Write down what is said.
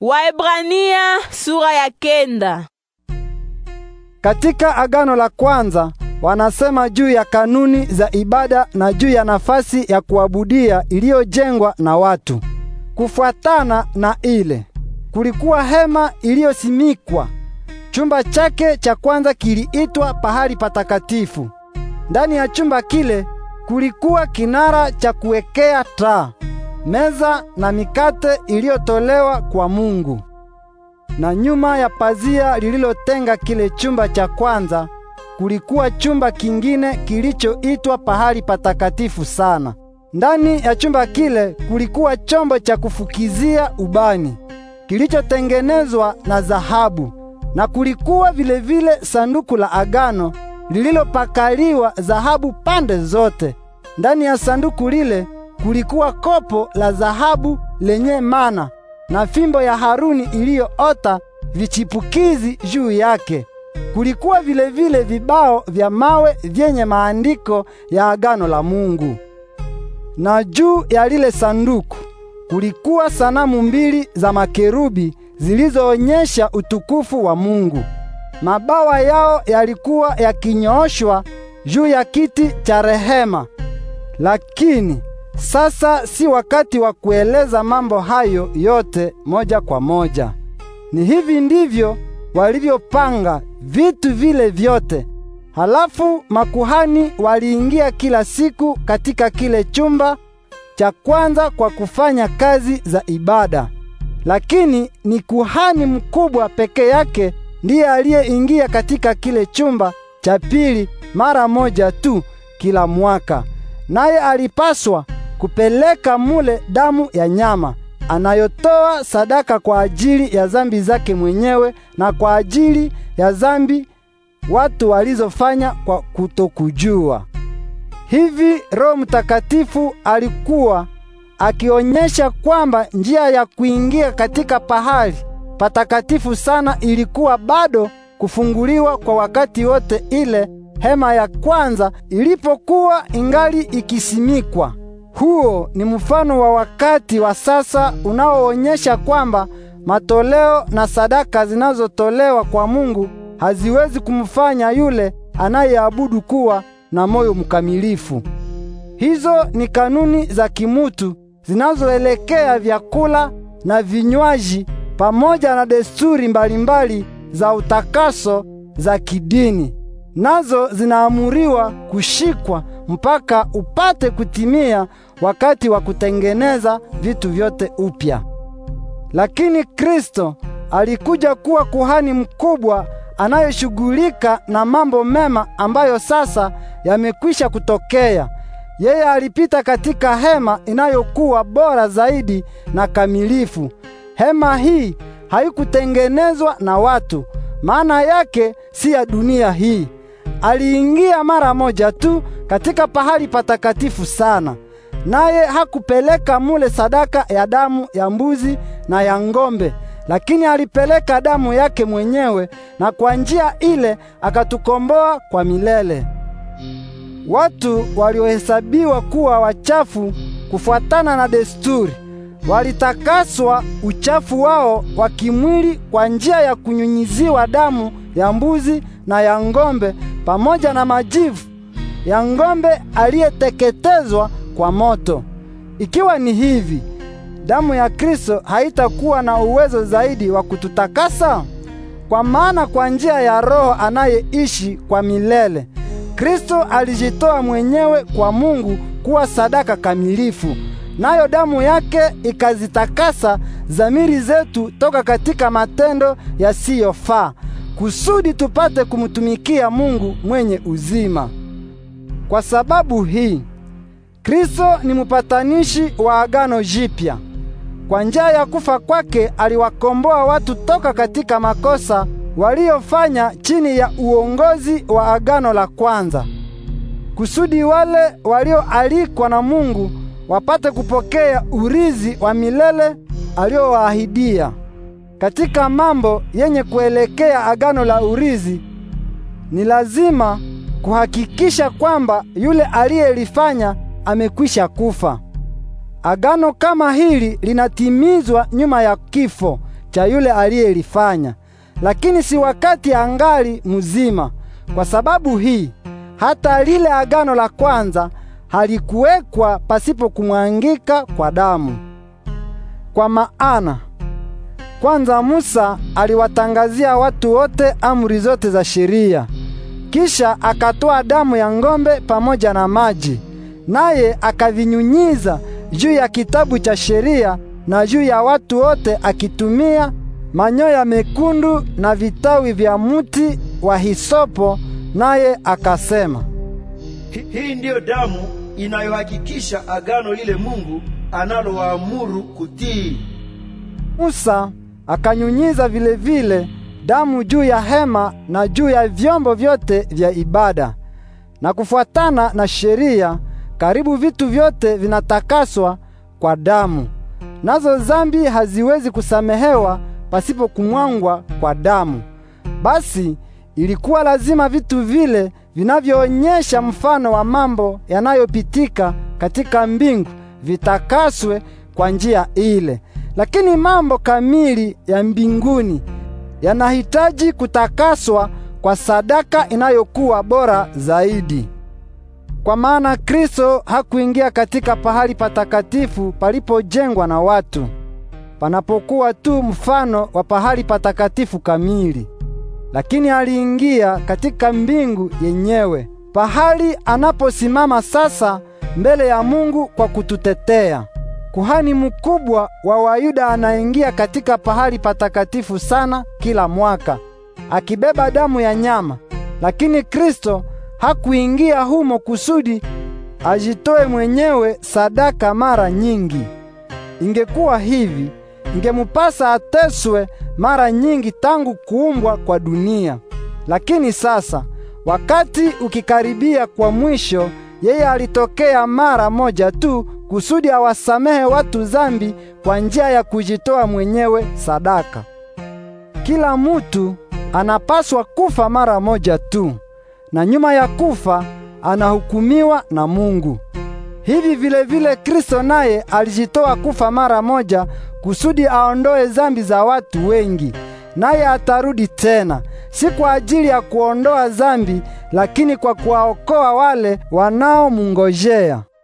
Waebrania sura ya kenda. Katika agano la kwanza wanasema juu ya kanuni za ibada na juu ya nafasi ya kuabudia iliyojengwa na watu. Kufuatana na ile, kulikuwa hema iliyosimikwa. Chumba chake cha kwanza kiliitwa pahali patakatifu. Ndani ya chumba kile kulikuwa kinara cha kuwekea taa meza na mikate iliyotolewa kwa Mungu. Na nyuma ya pazia lililotenga kile chumba cha kwanza kulikuwa chumba kingine kilichoitwa pahali patakatifu sana. Ndani ya chumba kile kulikuwa chombo cha kufukizia ubani kilichotengenezwa na dhahabu, na kulikuwa vilevile vile sanduku la agano lililopakaliwa dhahabu pande zote. Ndani ya sanduku lile kulikuwa kopo la dhahabu lenye mana na fimbo ya Haruni iliyoota vichipukizi juu yake. Kulikuwa vilevile vile vibao vya mawe vyenye maandiko ya agano la Mungu. Na juu ya lile sanduku kulikuwa sanamu mbili za makerubi zilizoonyesha utukufu wa Mungu. Mabawa yao yalikuwa yakinyooshwa juu ya kiti cha rehema, lakini sasa si wakati wa kueleza mambo hayo yote moja kwa moja. Ni hivi ndivyo walivyopanga vitu vile vyote. Halafu makuhani waliingia kila siku katika kile chumba cha kwanza kwa kufanya kazi za ibada. Lakini ni kuhani mkubwa peke yake ndiye aliyeingia katika kile chumba cha pili mara moja tu kila mwaka. Naye alipaswa kupeleka mule damu ya nyama anayotoa sadaka kwa ajili ya zambi zake mwenyewe na kwa ajili ya zambi watu walizofanya kwa kutokujua. Hivi Roho Mtakatifu alikuwa akionyesha kwamba njia ya kuingia katika pahali patakatifu sana ilikuwa bado kufunguliwa kwa wakati wote ile hema ya kwanza ilipokuwa ingali ikisimikwa. Huo ni mfano wa wakati wa sasa unaoonyesha kwamba matoleo na sadaka zinazotolewa kwa Mungu haziwezi kumfanya yule anayeabudu kuwa na moyo mkamilifu. Hizo ni kanuni za kimutu zinazoelekea vyakula na vinywaji pamoja na desturi mbalimbali za utakaso za kidini. Nazo zinaamuriwa kushikwa mpaka upate kutimia wakati wa kutengeneza vitu vyote upya. Lakini Kristo alikuja kuwa kuhani mkubwa anayeshughulika na mambo mema ambayo sasa yamekwisha kutokea. Yeye alipita katika hema inayokuwa bora zaidi na kamilifu. Hema hii haikutengenezwa na watu, maana yake si ya dunia hii aliingia mara moja tu katika pahali patakatifu sana, naye hakupeleka mule sadaka ya damu ya mbuzi na ya ng'ombe, lakini alipeleka damu yake mwenyewe, na kwa njia ile akatukomboa kwa milele. Watu waliohesabiwa kuwa wachafu kufuatana na desturi walitakaswa uchafu wao wa kimwili kwa njia ya kunyunyiziwa damu ya mbuzi na ya ng'ombe pamoja na majivu ya ng'ombe aliyeteketezwa kwa moto. Ikiwa ni hivi, damu ya Kristo haitakuwa na uwezo zaidi wa kututakasa? Kwa maana kwa njia ya Roho anayeishi kwa milele, Kristo alijitoa mwenyewe kwa Mungu kuwa sadaka kamilifu, nayo damu yake ikazitakasa dhamiri zetu toka katika matendo yasiyofaa kusudi tupate kumtumikia Mungu mwenye uzima. Kwa sababu hii Kristo ni mpatanishi wa agano jipya. Kwa njia ya kufa kwake aliwakomboa watu toka katika makosa waliofanya chini ya uongozi wa agano la kwanza, kusudi wale walioalikwa na Mungu wapate kupokea urizi wa milele aliyowaahidia. Katika mambo yenye kuelekea agano la urizi ni lazima kuhakikisha kwamba yule aliyelifanya amekwisha kufa. Agano kama hili linatimizwa nyuma ya kifo cha yule aliyelifanya, lakini si wakati angali mzima. Kwa sababu hii, hata lile agano la kwanza halikuwekwa pasipo kumwangika kwa damu. Kwa maana kwanza Musa aliwatangazia watu wote amri zote za sheria. Kisha akatoa damu ya ng'ombe pamoja na maji, naye akavinyunyiza juu ya kitabu cha sheria na juu ya watu wote, akitumia manyoya mekundu na vitawi vya muti wa hisopo, naye akasema, hii ndiyo damu inayohakikisha agano lile Mungu analowaamuru kutii. Musa akanyunyiza vilevile vile damu juu ya hema na juu ya vyombo vyote vya ibada. Na kufuatana na sheria, karibu vitu vyote vinatakaswa kwa damu, nazo zambi haziwezi kusamehewa pasipo kumwangwa kwa damu. Basi ilikuwa lazima vitu vile vinavyoonyesha mfano wa mambo yanayopitika katika mbingu vitakaswe kwa njia ile. Lakini mambo kamili ya mbinguni yanahitaji kutakaswa kwa sadaka inayokuwa bora zaidi. Kwa maana Kristo hakuingia katika pahali patakatifu palipojengwa na watu, panapokuwa tu mfano wa pahali patakatifu kamili, lakini aliingia katika mbingu yenyewe, pahali anaposimama sasa mbele ya Mungu kwa kututetea. Kuhani mkubwa wa Wayuda anaingia katika pahali patakatifu sana kila mwaka akibeba damu ya nyama, lakini Kristo hakuingia humo kusudi ajitoe mwenyewe sadaka mara nyingi. Ingekuwa hivi, ingemupasa ateswe mara nyingi tangu kuumbwa kwa dunia. Lakini sasa wakati ukikaribia kwa mwisho yeye alitokea mara moja tu kusudi awasamehe watu zambi kwa njia ya kujitoa mwenyewe sadaka. Kila mutu anapaswa kufa mara moja tu, na nyuma ya kufa anahukumiwa na Mungu. Hivi vilevile Kristo naye alijitoa kufa mara moja kusudi aondoe zambi za watu wengi naye atarudi tena, si kwa ajili ya kuondoa dhambi, lakini kwa kuwaokoa wale wanaomungojea.